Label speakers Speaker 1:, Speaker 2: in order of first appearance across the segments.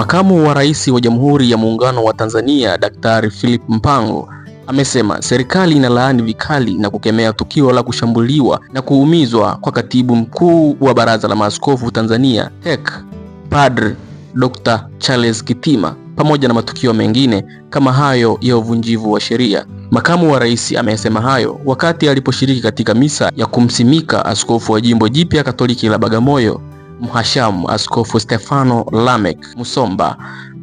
Speaker 1: Makamu wa Rais wa Jamhuri ya Muungano wa Tanzania, Daktari Philip Mpango amesema serikali inalaani vikali na kukemea tukio la kushambuliwa na kuumizwa kwa katibu mkuu wa Baraza la Maaskofu Tanzania TEC Padre Dr. Charles Kitima pamoja na matukio mengine kama hayo ya uvunjivu wa sheria. Makamu wa Rais amesema hayo wakati aliposhiriki katika misa ya kumsimika askofu wa jimbo jipya Katoliki la Bagamoyo Mhashamu Askofu Stefano Lamek Musomba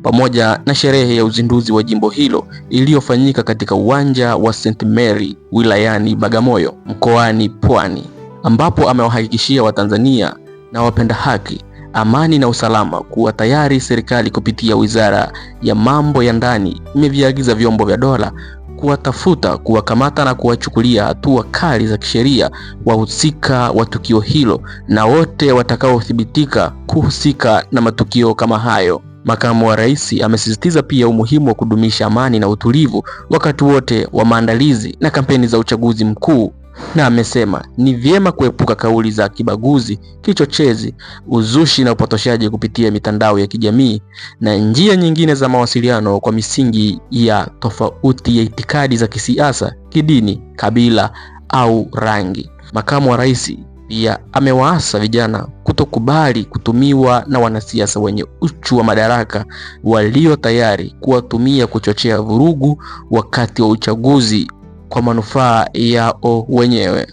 Speaker 1: pamoja na sherehe ya uzinduzi wa jimbo hilo iliyofanyika katika uwanja wa St Mary wilayani Bagamoyo mkoani Pwani, ambapo amewahakikishia Watanzania na wapenda haki, amani na usalama kuwa tayari serikali kupitia Wizara ya Mambo ya Ndani imeviagiza vyombo vya dola kuwatafuta, kuwakamata na kuwachukulia hatua kali za kisheria wahusika wa tukio hilo na wote watakaothibitika kuhusika na matukio kama hayo. Makamu wa Rais amesisitiza pia umuhimu wa kudumisha amani na utulivu wakati wote wa maandalizi na kampeni za uchaguzi mkuu na amesema ni vyema kuepuka kauli za kibaguzi, kichochezi, uzushi na upotoshaji kupitia mitandao ya kijamii na njia nyingine za mawasiliano kwa misingi ya tofauti ya itikadi za kisiasa, kidini, kabila au rangi. Makamu wa Rais pia amewaasa vijana kutokubali kutumiwa na wanasiasa wenye uchu wa madaraka walio tayari kuwatumia kuchochea vurugu wakati wa uchaguzi kwa manufaa yao wenyewe.